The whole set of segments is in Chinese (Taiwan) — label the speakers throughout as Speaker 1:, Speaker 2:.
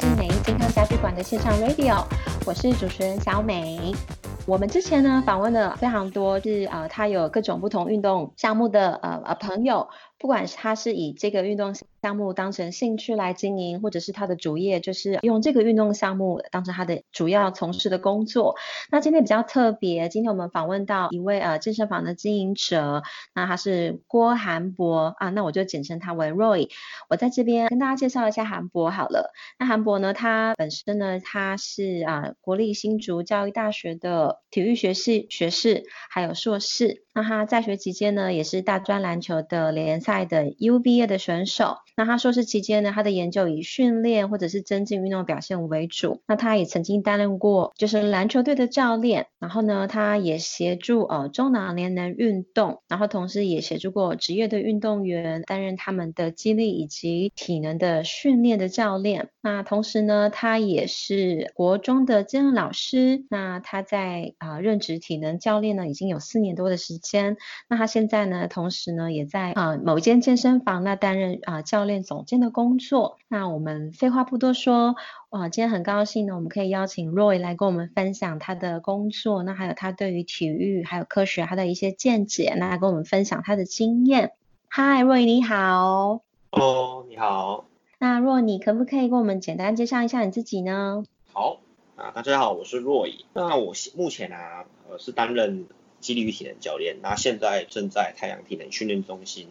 Speaker 1: 是美意健康家居館的線上 radio，我是主持人小美。 我們之前呢訪問了非常多是，是呃，他有各種不同運動項目的呃呃朋友，不管是他是以這個運動。項目當成興趣來經營，或者是他的主業，就是用這個運動項目當成他的主要從事的工作。那今天比較特別，今天我們訪問到一位呃、啊、健身房的經營者，那他是郭涵博啊，那我就簡稱他為 Roy。我在這邊跟大家介紹一下涵博好了。那涵博呢，他本身呢他是啊國立新竹教育大學的體育學系學士，還有碩士。那他在學期間呢，也是大專籃球的聯賽的 UBA 的選手。那他碩士期間呢，他的研究以訓練或者是增進運動表現為主。那他也曾經擔任過就是籃球隊的教練，然後呢，他也協助呃中老年人運動，然後同時也協助過職業的運動員，擔任他們的肌力以及體能的訓練的教練。那同時呢，他也是國中的兼任老師。那他在啊、呃、任職體能教練呢已經有四年多的時間。那他現在呢，同時呢也在啊、呃、某間健身房那擔任啊、呃、教練。練總監的工作，那我們廢話不多說，啊，今天很高興呢，我們可以邀請 Roy 來跟我們分享他的工作，那還有他對於體育還有科學他的一些見解，那來跟我們分享他的經驗。Hi，Roy 你好。
Speaker 2: Hello，你好。
Speaker 1: 那 Roy 你可不可以跟我們簡單介紹一下你自己呢？好，
Speaker 2: 啊，大家好，我是 Roy，那我目前啊，呃，是擔任肌力與體能教練，那、呃、現在正在太陽體能訓練中心。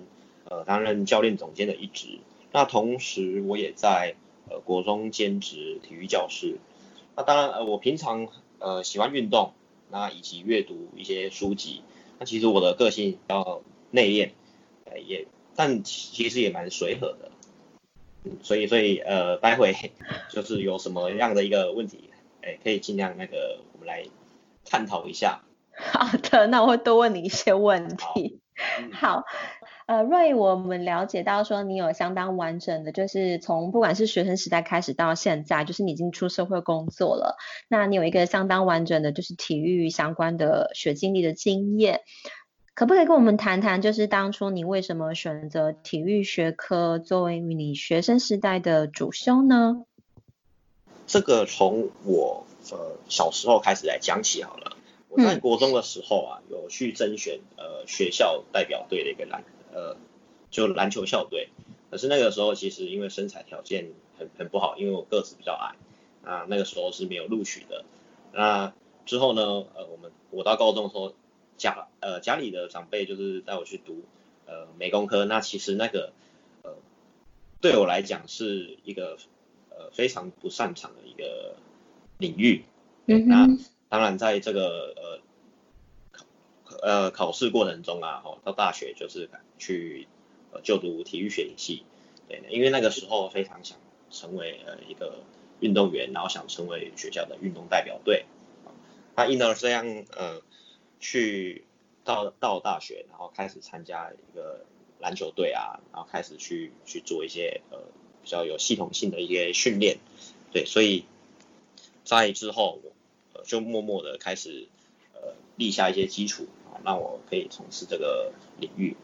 Speaker 2: 呃，擔任教練總監的一職。那同時，我也在呃國中兼職體育教師。那當然，呃，我平常呃喜歡運動，那、呃、以及閱讀一些書籍。那其實我的個性比較內斂，哎、呃、也，但其實也蠻隨和的、嗯。所以所以呃，待會就是有什麼樣的一個問題，哎、呃，可以盡量那個我們來探討一下。
Speaker 1: 好的，那我會多問你一些問題。好。嗯，好。呃，Roy，uh, 我們了解到說你有相當完整的，就是從不管是學生時代開始到現在，就是你已經出社會工作了，那你有一個相當完整的，就是體育相關的學經歷的經驗，可不可以跟我們談談，就是當初你為什麼選擇體育學科作為你學生時代的主修呢？
Speaker 2: 這個從我呃小時候開始來講起好了。我在國中的時候啊，有去甄選呃學校代表隊的一個男。呃，就籃球校隊，可是那個時候其實因為身材條件很很不好，因為我個子比較矮，啊，那個時候是沒有錄取的。那之後呢，呃，我們我到高中的時候，家呃家裡的長輩就是帶我去讀呃美工科，那其實那個呃對我來講是一個呃非常不擅長的一個領域。嗯，那當然在這個呃。呃，考試過程中啊，到大學就是去、呃、就讀體育學系，對，因為那個時候非常想成為一個運動員，然後想成為學校的運動代表隊，他那因而這樣呃，去到到大學，然後開始參加一個籃球隊啊，然後開始去去做一些呃比較有系統性的一些訓練，對，所以在之後我、呃、就默默地開始呃立下一些基礎。那我可以從事這個領域。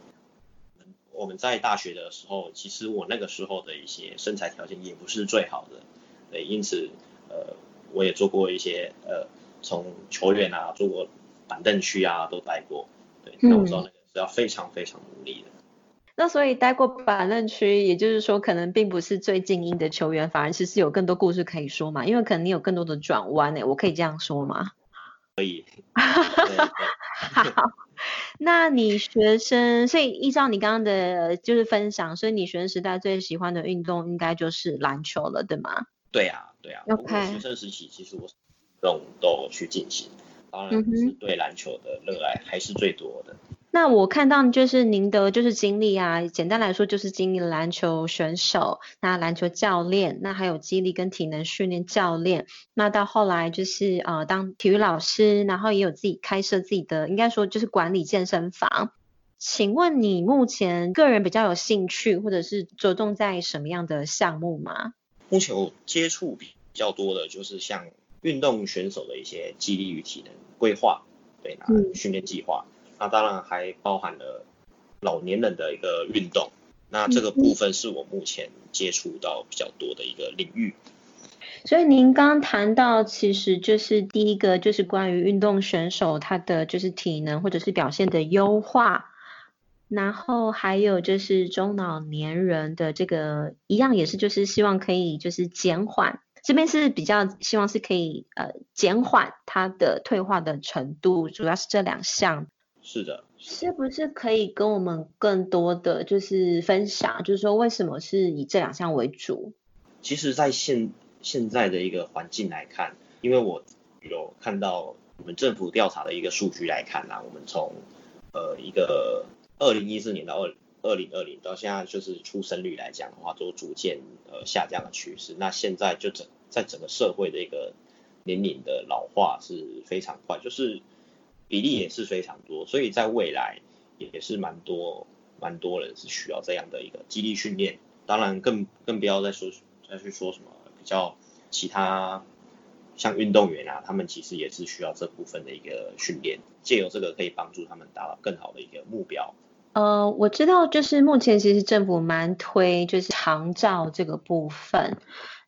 Speaker 2: 我們在大學的時候，其實我那個時候的一些身材條件也不是最好的，對，因此，呃，我也做過一些，呃，從球員啊，做過板凳區啊，都待過，對，那我知道那個是要非常非常努力的。嗯，
Speaker 1: 那所以待過板凳區，也就是說，可能並不是最精英的球員，反而其實有更多故事可以說嘛，因為可能你有更多的轉彎，呢，我可以這樣說嗎？
Speaker 2: 可以。對對
Speaker 1: 好，那你學生，所以依照你剛剛的就是分享，所以你學生時代最喜歡的運動應該就是籃球了，對嗎？
Speaker 2: 對啊，對啊。Okay. 我學生時期其實我是用都去進行，當然是對籃球的熱愛還是最多的。嗯
Speaker 1: 那我看到就是您的就是經歷啊，簡單來說就是經歷籃球選手，那籃球教練，那還有肌力跟體能訓練教練，那到後來就是呃當體育老師，然後也有自己開設自己的，應該說就是管理健身房。請問你目前個人比較有興趣或者是着重在什麼樣的項目嗎？
Speaker 2: 目前我接觸比較多的就是像運動選手的一些肌力與體能規劃，對、啊，嗯、訓練計劃。那當然還包含了老年人的一個運動，那這個部分是我目前接觸到比較多的一個領域。嗯，
Speaker 1: 所以您剛剛談到，其實就是第一個就是關於運動選手他的就是體能或者是表現的優化，然後還有就是中老年人的這個一樣也是就是希望可以就是減緩，這邊是比較希望是可以呃減緩他的退化的程度，主要是這兩項。是的，是不是可以跟我們更多的就是分享，就是說為什麼是以這兩項為主？
Speaker 2: 其實，在現現在的一個環境來看，因為我有看到我們政府調查的一個數據來看啊，我們從呃一個二零一四年到二二零二零到現在，就是出生率來講的話，都逐漸呃下降的趨勢。那現在就整在整個社會的一個年齡的老化是非常快，就是。比例也是非常多，所以在未來也是蠻多蠻多人是需要這樣的一個肌力訓練。當然更，更更不要再說再去說什麼比較其他像運動員啊，他們其實也是需要這部分的一個訓練，借由這個可以幫助他們達到更好的一個目標。
Speaker 1: 呃，我知道就是目前其實政府蠻推就是長照這個部分。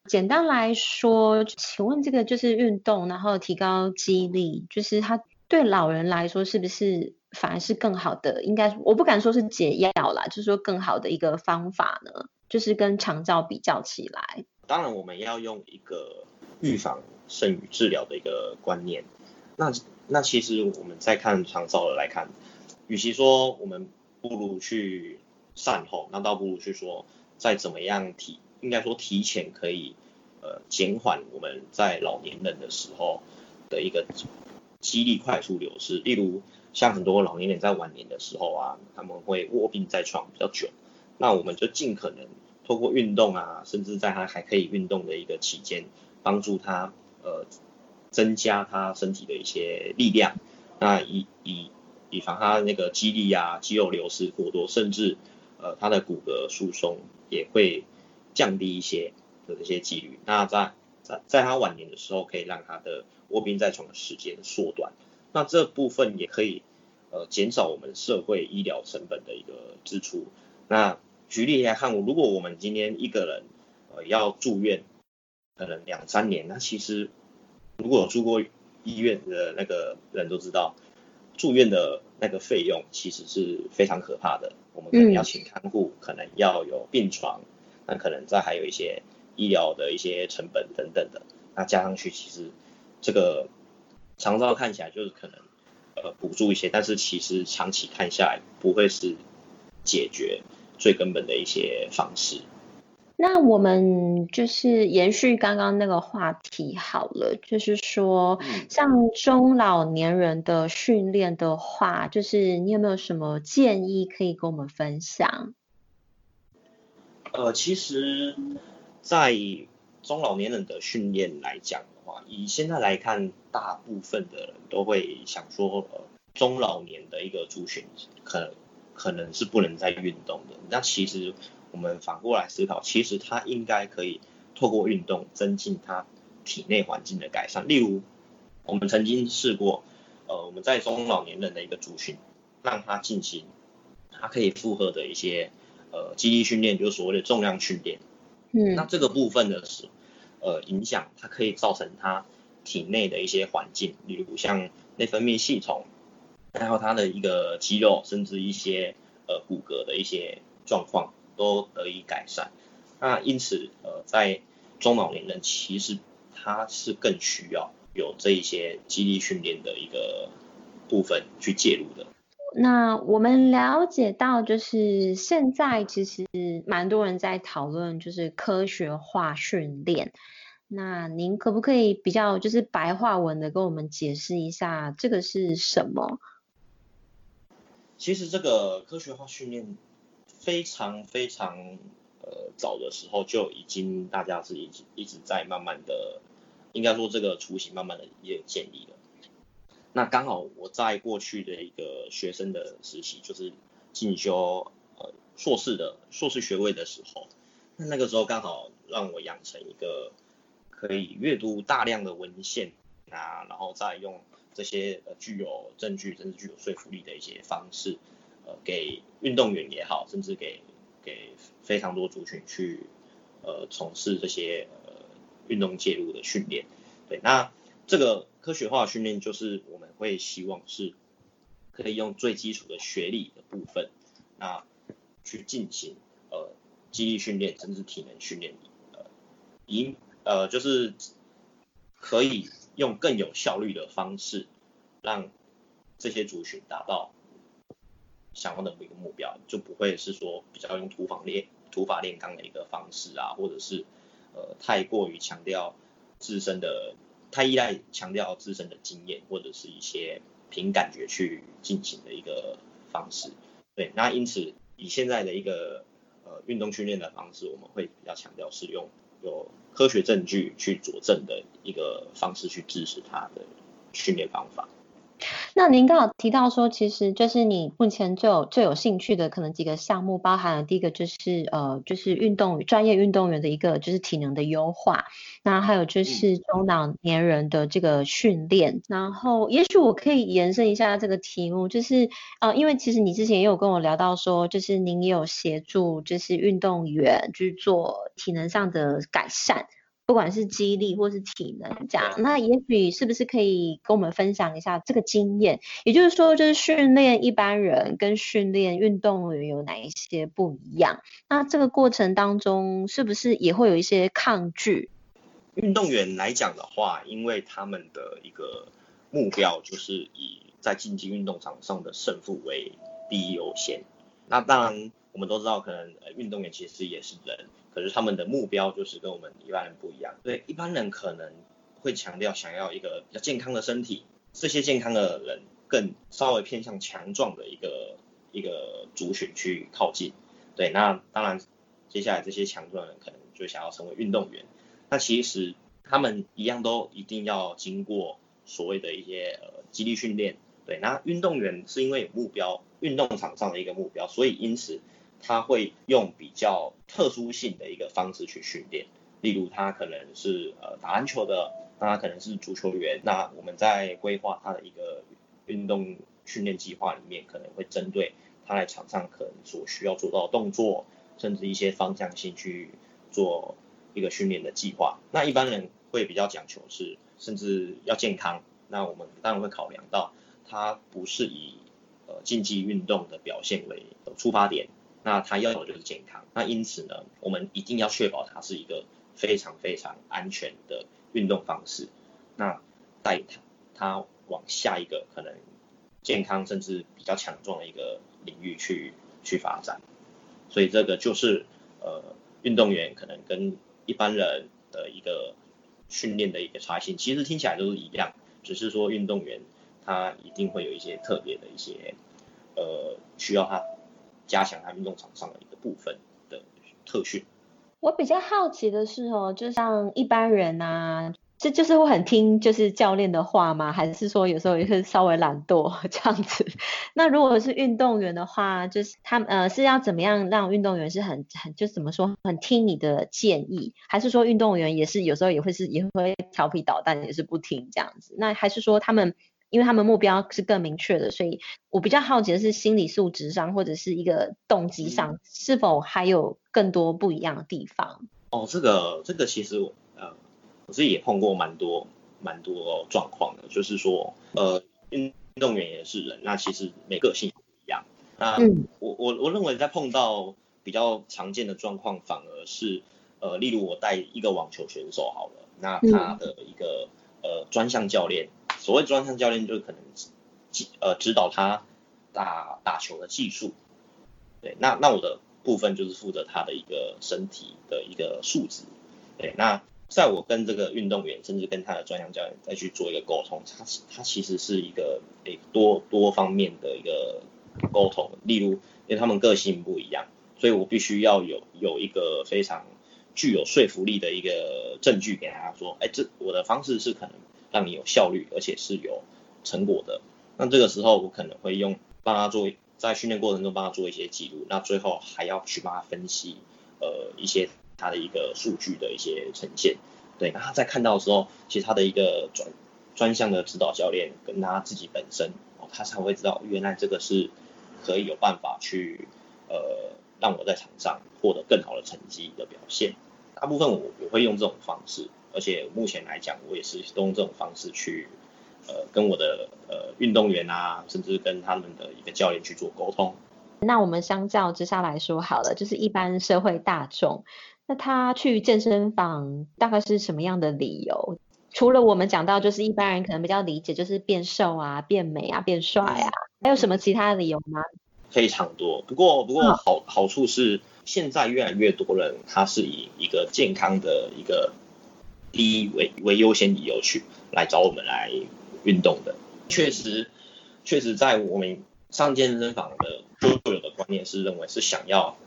Speaker 1: 簡單來說，請問這個就是運動，然後提高肌力，就是它。對老人來說，是不是反而是更好的？應該我不敢說是解藥啦，就是說更好的一個方法呢，就是跟長照比較起來。
Speaker 2: 當然，我們要用一個預防勝於治療的一個觀念。那那其實我們在看長照的來看，與其說我們不如去善後，那倒不如去說再怎麼樣提，應該說提前可以呃減緩我們在老年人的時候的一個。肌力快速流失，例如像很多老年人在晚年的時候啊，他們會臥病在床比較久，那我們就盡可能透過運動啊，甚至在他還可以運動的一個期間，幫助他呃增加他身體的一些力量，那以以以防他那個肌力啊、肌肉流失過多，甚至呃他的骨骼疏鬆也會降低一些的這些幾率。那在在他晚年的時候，可以讓他的臥病在床的時間縮短。那這部分也可以呃減少我們社會醫療成本的一個支出。那舉例來看，如果我們今天一個人呃要住院，可能兩三年，那其實如果有住過醫院的那個人都知道，住院的那個費用其實是非常可怕的。我們可能要請看護，可能要有病床，那可能再還有一些。醫療的一些成本等等的，那加上去，其實這個長照看起來就是可能呃補助一些，但是其實長期看下來不會是解決最根本的一些方式。
Speaker 1: 那我們就是延續剛剛那個話題好了，就是說、嗯、像中老年人的訓練的話，就是你有沒有什麼建議可以跟我們分享？
Speaker 2: 呃，其實。在中老年人的訓練來講的話，以現在來看，大部分的人都會想說，呃，中老年的一個族群，可能可能是不能再運動的。那其實我們反過來思考，其實他應該可以透過運動增進他體內環境的改善。例如，我們曾經試過，呃，我們在中老年人的一個族群，讓他進行他可以負荷的一些，呃，肌力訓練，就是所謂的重量訓練。嗯，那這個部分呢是，呃，影響它，可以造成它體內的一些環境，例如像內分泌系統，然後它的一個肌肉，甚至一些呃骨骼的一些狀況都得以改善。那因此，呃，在中老年人其實他是更需要有這一些肌力訓練的一個部分去介入的。
Speaker 1: 那我們了解到，就是現在其實蠻多人在討論，就是科學化訓練。那您可不可以比較就是白話文的跟我們解釋一下，這個是什麼？
Speaker 2: 其實這個科學化訓練非常非常呃早的時候就已經，大家是一直一直在慢慢的，應該說這個雛形慢慢的也建立了。那剛好我在過去的一個學生的時期，就是進修呃碩士的碩士學位的時候，那那個時候剛好讓我養成一個可以閱讀大量的文獻啊，然後再用這些呃具有證據甚至具有說服力的一些方式，呃給運動員也好，甚至給給非常多族群去呃從事這些呃運動介入的訓練，對，那這個。科學化的訓練就是我們會希望是可以用最基礎的學理的部分，那去進行呃肌力訓練，甚至體能訓練，呃以呃就是可以用更有效率的方式讓這些族群達到想要的一個目標，就不會是說比較用土法煉土法煉鋼的一個方式啊，或者是呃太過於強調自身的。太依賴強調自身的經驗或者是一些憑感覺去進行的一個方式，對，那因此以現在的一個呃運動訓練的方式，我們會比較強調是用有科學證據去佐證的一個方式去支持他的訓練方法。
Speaker 1: 那您剛好提到說，其實就是你目前最有最有興趣的可能幾個項目，包含了第一個就是呃，就是運動專業運動員的一個就是體能的優化，那還有就是中老年人的這個訓練，然後也許我可以延伸一下這個題目，就是呃，因為其實你之前也有跟我聊到說，就是您也有協助就是運動員去做體能上的改善。不管是肌力或是體能這樣，那也許是不是可以跟我們分享一下這個經驗？也就是說，就是訓練一般人跟訓練運動員有哪一些不一樣？那這個過程當中是不是也會有一些抗拒？
Speaker 2: 運動員來講的話，因為他們的一個目標就是以在競技運動場上的勝負為第一優先，那當然。我們都知道，可能運動員其實也是人，可是他們的目標就是跟我們一般人不一樣。對，一般人可能會強調想要一個比較健康的身體，這些健康的人更稍微偏向強壯的一個一個族群去靠近。對，那當然接下來這些強壯的人可能就想要成為運動員。那其實他們一樣都一定要經過所謂的一些呃肌力訓練。對，那運動員是因為有目標，運動場上的一個目標，所以因此。他會用比較特殊性的一個方式去訓練，例如他可能是呃打籃球的，那他可能是足球員，那我們在規劃他的一個運動訓練計劃裡面，可能會針對他在場上可能所需要做到的動作，甚至一些方向性去做一個訓練的計劃。那一般人會比較講求是，甚至要健康，那我們當然會考量到他不是以呃競技運動的表現為出發點。那他要求就是健康，那因此呢，我們一定要確保它是一個非常非常安全的運動方式，那帶他他往下一個可能健康甚至比較強壯的一個領域去去發展，所以這個就是呃運動員可能跟一般人的一個訓練的一個差異，其實聽起來都是一樣，只是說運動員他一定會有一些特別的一些呃需要他。加強他運動場上的一個部分的特訓。
Speaker 1: 我比較好奇的是哦，就像一般人吶、啊，這就，就是會很聽就是教練的話嗎？還是說有時候也是稍微懶惰這樣子？那如果是運動員的話，就是他們呃是要怎麼樣讓運動員是很很就怎麼說很聽你的建議？還是說運動員也是有時候也會是也會調皮搗蛋也是不聽這樣子？那還是說他們？因為他們目標是更明確的，所以我比較好奇的是心理素質上或者是一個動機上，是否還有更多不一樣的地方？
Speaker 2: 嗯、哦，這個這個其實呃，我自己也碰過蠻多蠻多狀況的，就是說呃，運動員也是人，那其實每個性不一樣。那、嗯、我我我認為在碰到比較常見的狀況，反而是呃，例如我帶一個網球選手好了，那他的一個、嗯、呃專項教練。所謂專項教練就可能指呃，指導他打打球的技術，對，那那我的部分就是負責他的一個身體的一個素質，對，那在我跟這個運動員甚至跟他的專項教練再去做一個溝通，他他其實是一個誒、欸、多多方面的一個溝通，例如因為他們個性不一樣，所以我必須要有有一個非常具有說服力的一個證據給他說，哎、欸，這我的方式是可能。讓你有效率，而且是有成果的。那這個時候，我可能會用幫他做在訓練過程中幫他做一些記錄，那最後還要去幫他分析呃一些他的一個數據的一些呈現。對，那他在看到的時候，其實他的一個專專項的指導教練跟他自己本身，哦，他才會知道原來這個是可以有辦法去呃讓我在場上獲得更好的成績的表現。大部分我我會用這種方式。而且目前來講，我也是用這種方式去呃跟我的呃運動員啊，甚至跟他們的一個教練去做溝通。
Speaker 1: 那我們相較之下來說好了，就是一般社會大眾，那他去健身房大概是什麼樣的理由？除了我們講到就是一般人可能比較理解就是變瘦啊、變美啊、變帥啊，還有什麼其他的理由嗎？
Speaker 2: 非常多，不過不過好好處是現在越來越多人他是以一個健康的一個，第一為為優先理由去來找我們來運動的。確實，確實在我們上健身房的所有的觀念是認為是想要，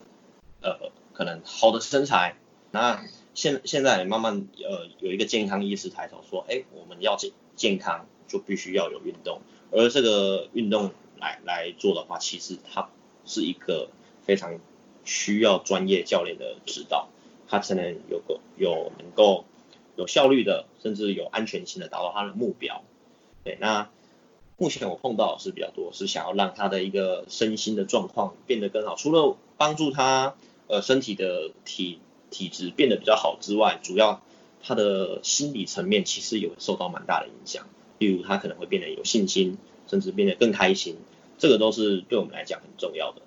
Speaker 2: 呃，可能好的身材。那現現在慢慢呃有一個健康意識抬頭，說，哎、欸，我們要健健康就必須要有運動。而這個運動來來做的話，其實它是一個非常需要專業教練的指導，它才能有個有能夠。有效率的，甚至有安全性的達到他的目標。對，那目前我碰到是比較多，是想要讓他的一個身心的狀況變得更好。除了幫助他呃身體的體體質變得比較好之外，主要他的心理層面其實有受到蠻大的影響。例如他可能會變得有信心，甚至變得更開心，這個都是對我們來講很重要的。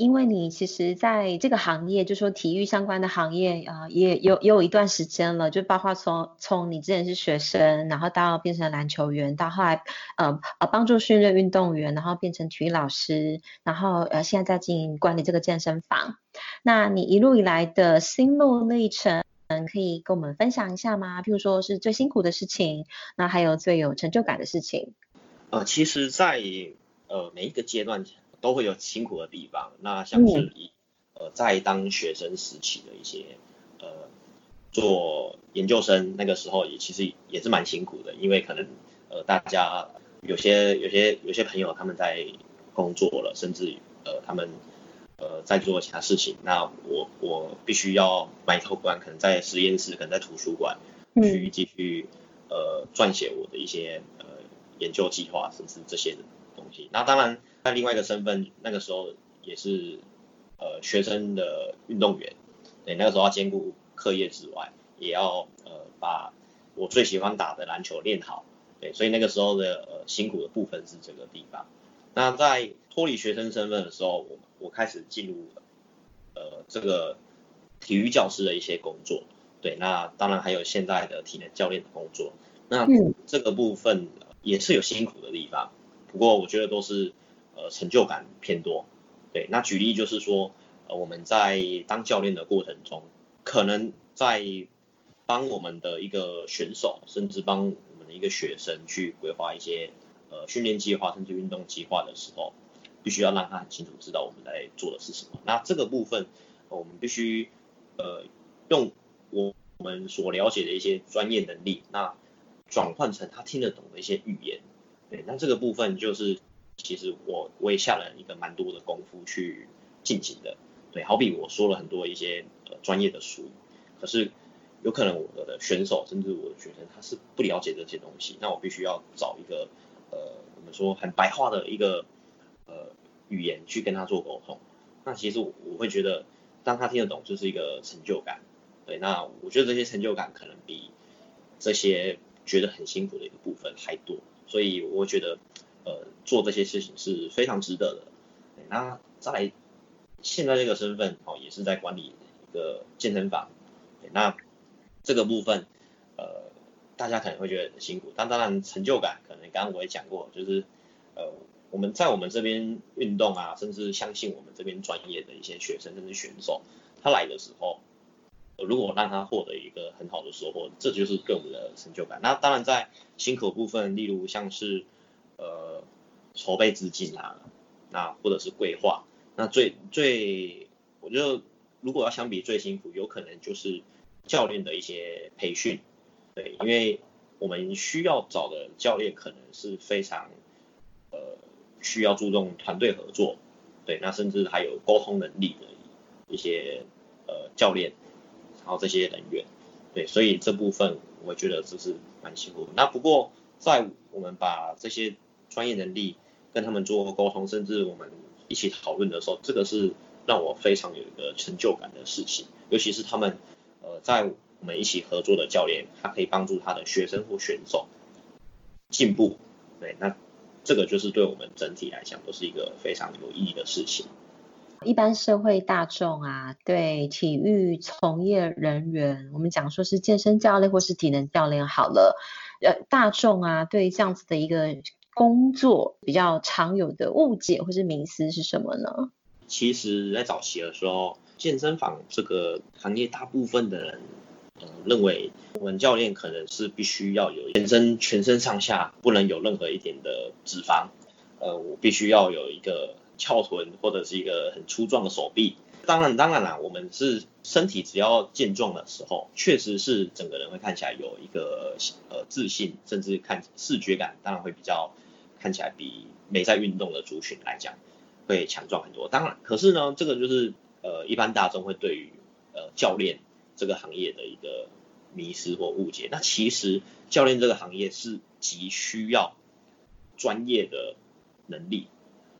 Speaker 1: 因為你其實在這個行業，就是說體育相關的行業啊、呃，也有也有一段時間了。就包括從從你之前是學生，然後到變成籃球員，到後來呃呃幫助訓練運動員，然後變成體育老師，然後呃現在在經營管理這個健身房。那你一路以來的心路歷程，嗯，可以跟我們分享一下嗎？譬如說是最辛苦的事情，那還有最有成就感的事情？
Speaker 2: 呃，其實在，在呃每一個階段，都會有辛苦的地方。那像是、嗯、呃在當學生時期的一些呃做研究生那個時候，也其實也是蠻辛苦的，因為可能呃大家有些有些有些朋友他們在工作了，甚至於呃他們呃在做其他事情。那我我必須要埋頭苦幹，可能在實驗室，可能在圖書館去繼續呃撰寫我的一些呃研究計劃，甚至這些的。那當然，那另外一個身份，那個時候也是呃學生的運動員，對，那個時候要兼顧課業之外，也要呃把我最喜歡打的籃球練好，對，所以那個時候的，呃，辛苦的部分是這個地方。那在脫離學生身份的時候，我我開始進入呃這個體育教師的一些工作，對，那當然還有現在的體能教練的工作，那這個部分，呃，也是有辛苦的地方。不過我覺得都是呃成就感偏多，對，那舉例就是說，呃，我們在當教練的過程中，可能在幫我們的一個選手，甚至幫我們的一個學生去規劃一些呃訓練計劃，甚至運動計劃的時候，必須要讓他很清楚知道我們在做的是什麼。那這個部分，呃，我們必須呃用我，我們所了解的一些專業能力，那轉換成他聽得懂的一些語言。對，那這個部分就是其實我我也下了一個蠻多的功夫去進行的。對，好比我說了很多一些，呃，專業的術語，可是有可能我的選手甚至我的學生他是不了解這些東西，那我必須要找一個呃我們說很白話的一個呃語言去跟他做溝通。那其實我，我會覺得當他聽得懂就是一個成就感。對，那我覺得這些成就感可能比這些覺得很辛苦的一個部分還多。所以我覺得，呃，做這些事情是非常值得的。那再來，現在這個身份哦，也是在管理一個健身房。那這個部分，呃，大家可能會覺得很辛苦，但當然成就感，可能剛剛我也講過，就是呃，我們在我們這邊運動啊，甚至相信我們這邊專業的一些學生甚至選手，他來的時候。如果讓他獲得一個很好的收穫，這就是對我們的成就感。那當然，在辛苦部分，例如像是呃籌備資金啊，那或者是規劃，那最最，我覺得如果要相比最辛苦，有可能就是教練的一些培訓，對，因為我們需要找的教練可能是非常呃需要注重團隊合作，對，那甚至還有溝通能力的一些呃教練。然後這些人員，對，所以這部分我覺得就是蠻辛苦。那不過在我們把這些專業能力跟他們做溝通，甚至我們一起討論的時候，這個是讓我非常有一個成就感的事情。尤其是他們呃在我們一起合作的教練，他可以幫助他的學生或選手進步，對，那這個就是對我們整體來講都是一個非常有意義的事情。
Speaker 1: 一般社會大眾啊，對體育從業人員，我們講說是健身教練或是體能教練好了，呃，大眾啊對這樣子的一個工作比較常有的誤解或是迷思是什麼呢？
Speaker 2: 其實在早期的時候，健身房這個行業大部分的人，嗯，認為，我們教練可能是必須要有全身全身上下不能有任何一點的脂肪，呃，我必須要有一個。翹臀或者是一個很粗壯的手臂，當然當然啦，我們是身體只要健壯的時候，確實是整個人會看起來有一個呃自信，甚至看視覺感當然會比較看起來比沒在運動的族群來講會強壯很多。當然，可是呢，這個就是呃一般大眾會對於呃教練這個行業的一個迷思或誤解。那其實教練這個行業是極需要專業的能力。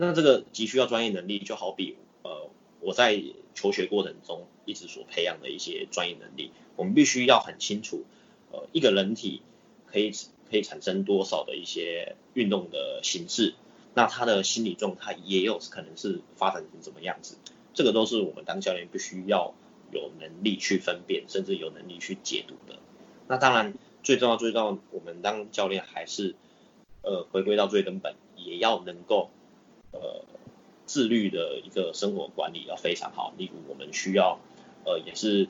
Speaker 2: 那這個急需要專業能力，就好比呃我在求學過程中一直所培養的一些專業能力，我們必須要很清楚，呃一個人體可以可以產生多少的一些運動的形式，那他的心理狀態也有可能是發展成怎麼樣子，這個都是我們當教練必須要有能力去分辨，甚至有能力去解讀的。那當然最重要、最重要，我們當教練還是呃回歸到最根本，也要能夠。呃，自律的一個生活管理要非常好，例如我們需要，呃，也是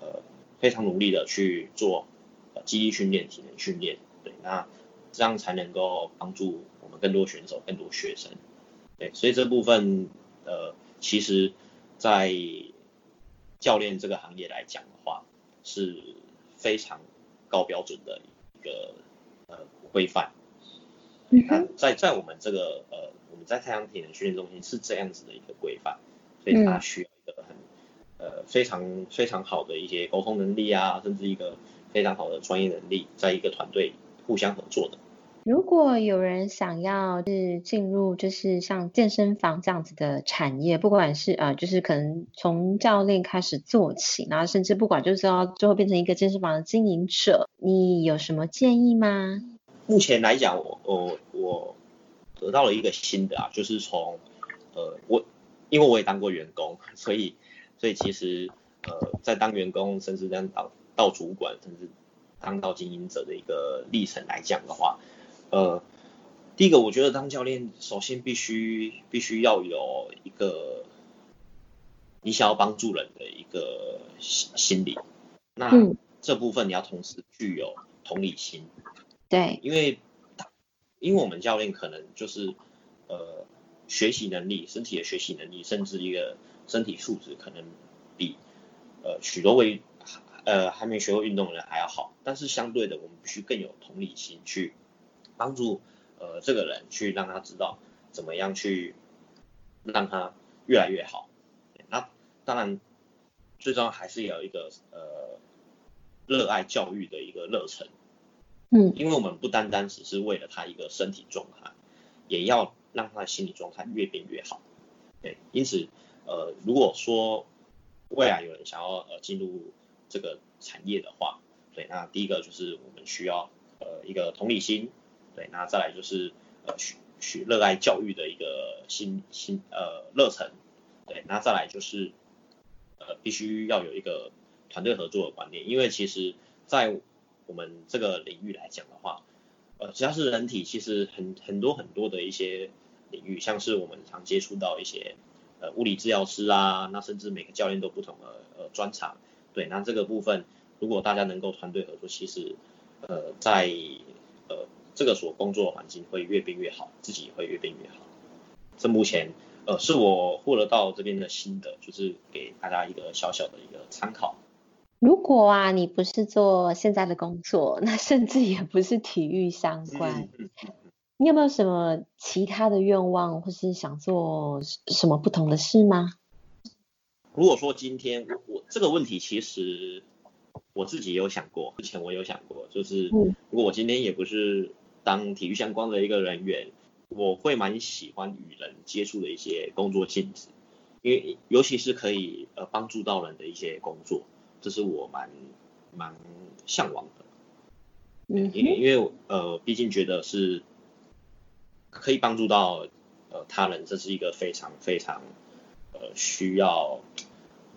Speaker 2: 呃非常努力的去做，呃，肌力訓練、體能訓練，對，那這樣才能夠幫助我們更多選手、更多學生，對，所以這部分，呃，其實，在教練這個行業來講的話，是非常高標準的一個呃規範。你看，在在我們這個呃，我們在太陽體能訓練中心是這樣子的一個規範，
Speaker 1: 所以它需
Speaker 2: 要一個很呃非常非常好的一些溝通能力啊，甚至一個非常好的專業能力，在一個團隊互相合作的。
Speaker 1: 如果有人想要是進入就是像健身房這樣子的產業，不管是啊、呃、就是可能從教練開始做起，然後甚至不管就是到最後變成一個健身房的經營者，你有什麼建議嗎？
Speaker 2: 目前來講，我我我得到了一個新的啊，就是從呃我因為我也當過員工，所以所以其實呃在當員工，甚至在當到到主管，甚至當到經營者的一個歷程來講的話，呃第一個我覺得當教練，首先必須必須要有一個你想要幫助人的一個心心理，那這部分你要同時具有同理心。嗯對，因為，因為我們教練可能就是，呃，學習能力、身體的學習能力，甚至一個身體素質，可能比，呃，許多位呃，還沒學過運動的人還要好。但是相對的，我們必須更有同理心去幫助，呃，這個人去讓他知道怎麼樣去，讓他越來越好。那當然，最終還是有一個，呃，熱愛教育的一個熱忱。嗯，因為我們不單單只是為了他一個身體狀態，也要讓他的心理狀態越變越好。對，因此，呃，如果說未來有人想要呃進入這個產業的話，對，那第一個就是我們需要呃一個同理心，對，那再來就是呃去去熱愛教育的一個心心呃熱忱，對，那再來就是呃必須要有一個團隊合作的觀念，因為其實在。我們這個領域來講的話，呃，只要是人體，其實很很多很多的一些領域，像是我們常接觸到一些呃物理治療師啦，啊，那甚至每個教練都不同的呃專長，對，那這個部分如果大家能夠團隊合作，其實呃在呃這個所工作的環境會越變越好，自己會越變越好。這目前呃是我獲得到這邊的心得，就是給大家一個小小的一個參考。
Speaker 1: 如果啊，你不是做現在的工作，那甚至也不是體育相關，嗯，你有沒有什麼其他的願望，或是想做什麼不同的事嗎？
Speaker 2: 如果說今天我，我這個問題，其實我自己有想過，之前我有想過，就是如果我今天也不是當體育相關的一個人員，我會蠻喜歡與人接觸的一些工作性質，因為尤其是可以呃幫助到人的一些工作，這是我蠻蠻向往的，嗯、
Speaker 1: mm，因、hmm. 因為
Speaker 2: 呃，畢竟覺得是可以幫助到呃他人，這是一個非常非常呃需要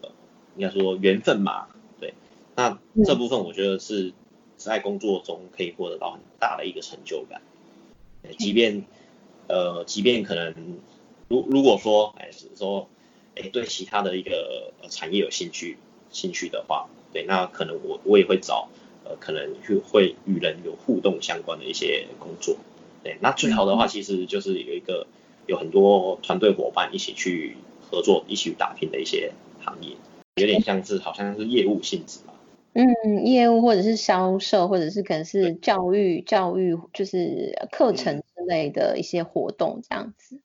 Speaker 2: 呃應該說緣分嘛，對，那這部分我覺得是在工作中可以獲得到很大的一個成就感，mm hmm. 即便呃即便可能如如果說哎還是說哎對其他的一個產業有興趣。興趣的話，對，那可能我我也會找，呃，可能會與人有互動相關的一些工作，對，那最好的話其實就是有一個、嗯、有很多團隊夥伴一起去合作、一起打拼的一些行業，有點像是好像是業務性質吧。
Speaker 1: 嗯，業務或者是銷售，或者是可能是教育、教育就是課程之類的一些活動這樣子。嗯、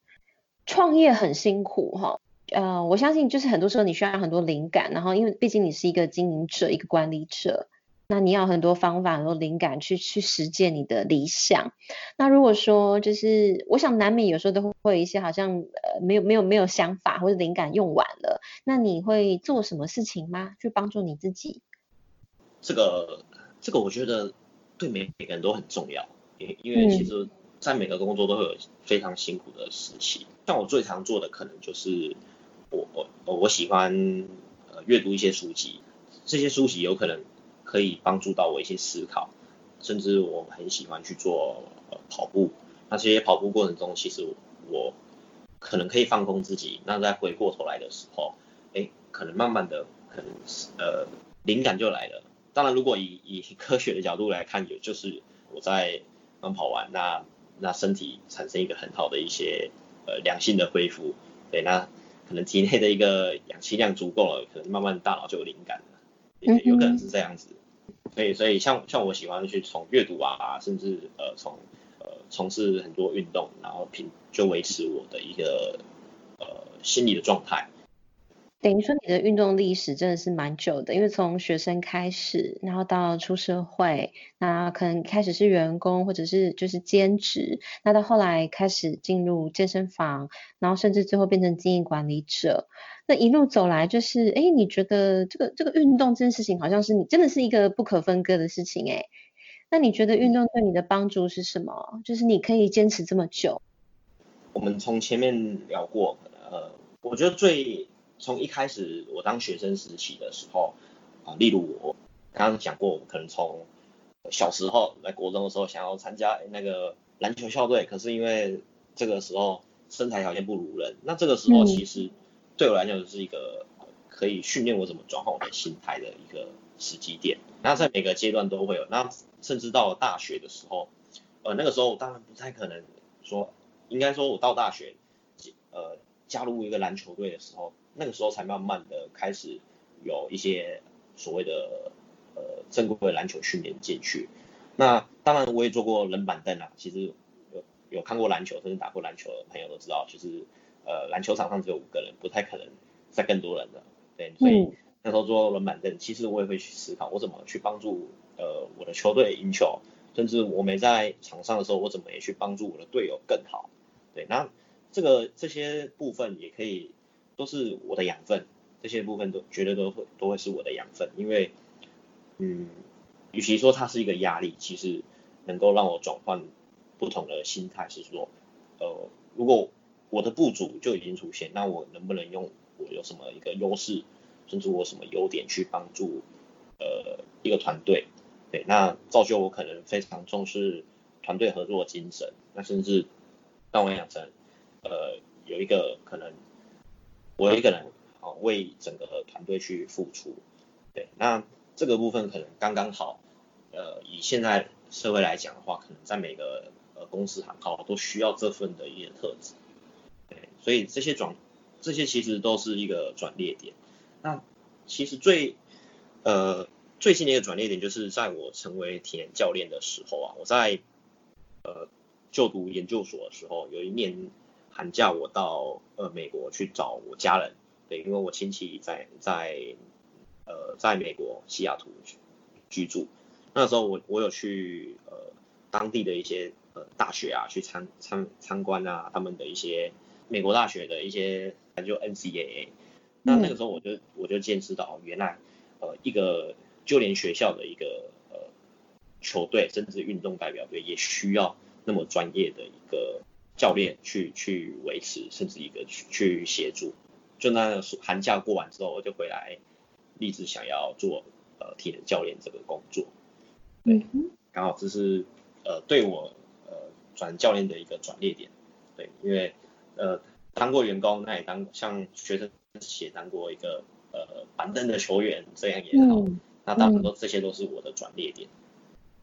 Speaker 1: 創業很辛苦哈。呃，我相信就是很多時候你需要很多靈感，然後因為畢竟你是一個經營者、一個管理者，那你要很多方法、很多靈感去去實踐你的理想。那如果說就是，我想難免有時候都會會一些好像呃沒有沒有沒有想法或者靈感用完了，那你會做什麼事情嗎？去幫助你自己？
Speaker 2: 這個這個我覺得對每每個人都很重要，因為因為其實在每個工作都會有非常辛苦的時期，嗯、像我最常做的可能就是。我我我喜歡呃閱讀一些書籍，這些書籍有可能可以幫助到我一些思考，甚至我很喜歡去做、呃、跑步，那這些跑步過程中，其實我，我可能可以放空自己，那再回過頭來的時候，哎、欸，可能慢慢的，可能是呃靈感就來了。當然，如果以以科學的角度來看，也就是我在剛跑完，那那身體產生一個很好的一些呃良性的恢復，對，那。可能體內的一個氧氣量足夠了，可能慢慢大腦就有靈感了，也有可能是這樣子。所以，所以像像我喜歡去從閱讀啊，甚至呃從呃從事很多運動，然後平就維持我的一個呃心理的狀態。
Speaker 1: 等於說你的運動歷史真的是蠻久的，因為從學生開始，然後到出社會，那可能開始是員工或者是就是兼職，那到後來開始進入健身房，然後甚至最後變成經營管理者，那一路走來就是，哎，你覺得這個這個運動這件事情好像是你真的是一個不可分割的事情。哎，那你覺得運動對你的幫助是什麼？就是你可以堅持這麼久？
Speaker 2: 我們從前面聊過，呃，我覺得最從一開始我當學生時期的時候啊、呃，例如我剛剛講過，我可能從小時候在國中的時候想要參加那個籃球校隊，可是因為這個時候身材條件不如人，那這個時候其實對我來講就是一個可以訓練我怎麼轉換我的心態的一個時機點。那在每個階段都會有，那甚至到了大學的時候，呃，那個時候我當然不太可能說，應該說我到大學，呃。加入一個籃球隊的時候，那個時候才慢慢的開始有一些所謂的呃正規的籃球訓練進去。那當然我也做過冷板凳啊，其實有有看過籃球甚至打過籃球的朋友都知道，就是呃籃球場上只有五個人，不太可能再更多人了，對，所以那時候做冷板凳，其實我也會去思考，我怎麼去幫助呃我的球隊贏球，甚至我沒在場上的時候，我怎麼也去幫助我的隊友更好，對，那。這個這些部分也可以都是我的養分，這些部分都絕對都，都會都會是我的養分，因為，嗯，與其說它是一個壓力，其實能夠讓我轉換不同的心態，是說，呃，如果我的不足就已經出現，那我能不能用我有什麼一個優勢，甚至我有什麼優點去幫助呃一個團隊？對，那造就我可能非常重視團隊合作的精神，那甚至讓我養成。嗯呃，有一個可能，我一個人好、哦、為整個團隊去付出，對，那這個部分可能剛剛好，呃，以現在社會來講的話，可能在每個呃公司也好都需要這份的一些特質，對，所以這些轉這些其實都是一個轉捩點。那其實最呃最近的一個轉捩點就是在我成為體能教練的時候啊，我在呃就讀研究所的時候有一年。寒假我到呃美國去找我家人，對，因為我親戚在在,在呃在美國西雅圖居住。那時候我我有去呃當地的一些呃大學啊去參參參觀啊，他們的一些美國大學的一些就 NCAA。那那個時候我就我就見識到，原來呃一個就連學校的一個呃球隊，甚至運動代表隊，也需要那麼專業的一個。教練去去維持，甚至一個去去協助。就那寒假過完之後，我就回來立志想要做呃體能教練這個工作。嗯，剛好這是呃對我呃轉教練的一個轉捩點。對，因為呃當過員工，那也當像學生寫當過一個呃板凳的球員這樣也好，嗯、那大部分都、嗯、這些都是我的轉捩點。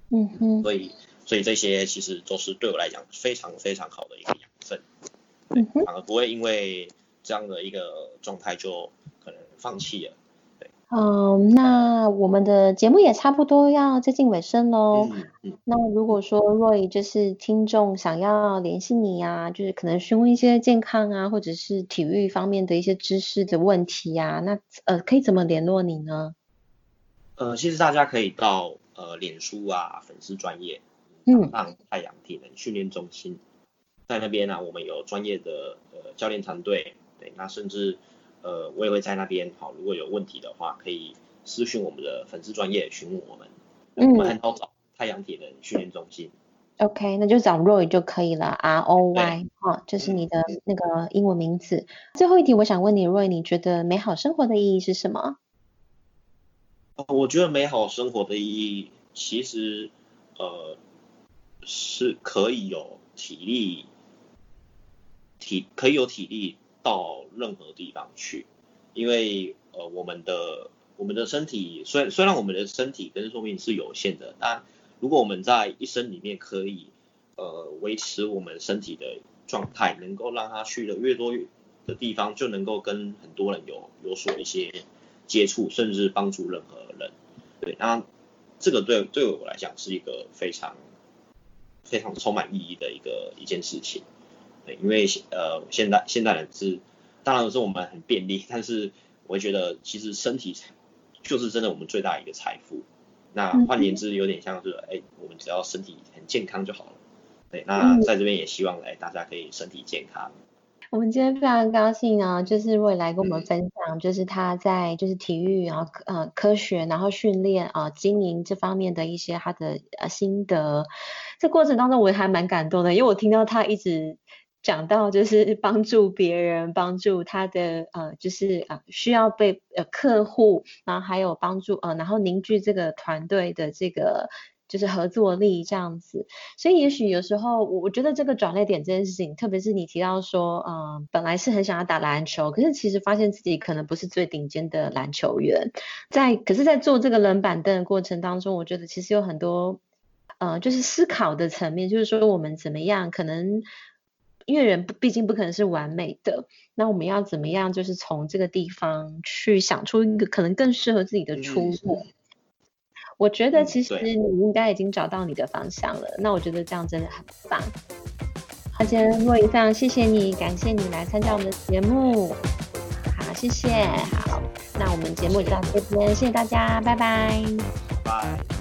Speaker 2: 嗯哼，所以。所以這些其實都是對我來講非常非常好的一個養分，嗯、哼反而不會因為這樣的一個狀態就可能放棄了。對，
Speaker 1: 哦、呃，那我們的節目也差不多要接近尾聲嘍、嗯。嗯，那如果說若以就是聽眾想要聯繫你啊，就是可能詢問一些健康啊或者是體育方面的一些知識的問題啊，那呃可以怎麼聯絡你呢？
Speaker 2: 呃，其實大家可以到呃臉書啊粉絲專頁。嗯，上太陽體能訓練中心，嗯、在那邊呢、啊，我們有專業的呃教練團隊，對，那甚至呃我也會在那邊，好，如果有問題的話可以私訊我們的粉絲專業詢問我們，那我們很好找太陽體能訓練中心、嗯。
Speaker 1: OK，那就找 Roy 就可以了，R O Y 啊對，這、哦就是你的那個英文名字。嗯、最後一題，我想問你，Roy，你覺得美好生活的意義是什麼？
Speaker 2: 我覺得美好生活的意義其實呃。是可以有體力，體可以有體力到任何地方去，因為呃我們的我們的身體雖雖然我們的身體跟壽命是有限的，但如果我們在一生裡面可以呃維持我們身體的狀態，能夠讓它去的越多越的地方，就能夠跟很多人有有所一些接觸，甚至幫助任何人。對，那這個對對我來講是一個非常。非常充滿意義的一個一件事情，對，因為呃現在現代人是，當然是我們很便利，但是我覺得其實身體就是真的我們最大一個財富，那換言之有點像是，哎、欸，我們只要身體很健康就好了，對，那在這邊也希望哎、欸、大家可以身體健康。
Speaker 1: 我們今天非常高興啊，就是未來跟我們分享，就是他在就是體育然後呃科學然後訓練啊、呃、經營這方面的一些他的呃心得。這過程當中我還蠻感動的，因為我聽到他一直講到就是幫助別人，幫助他的呃就是啊需要被呃客戶，然後還有幫助啊、呃，然後凝聚這個團隊的這個。就是合作力，這樣子，所以也許有時候我我覺得這個轉捩點這件事情，特別是你提到說，嗯、呃，本來是很想要打籃球，可是其實發現自己可能不是最頂尖的籃球員，在可是在做這個冷板凳的過程當中，我覺得其實有很多，呃，就是思考的層面，就是說我們怎麼樣，可能因為人畢竟不可能是完美的，那我們要怎麼樣，就是從這個地方去想出一個可能更適合自己的出路。嗯我覺得其實你應該已經找到你的方向了，嗯、那我覺得這樣真的很棒。對好，今天 Roy 非常，謝謝你，感謝你來參加我們的節目。好，謝謝。好，謝謝，那我們節目就到這邊，謝謝，謝謝大家，拜拜。
Speaker 2: 拜。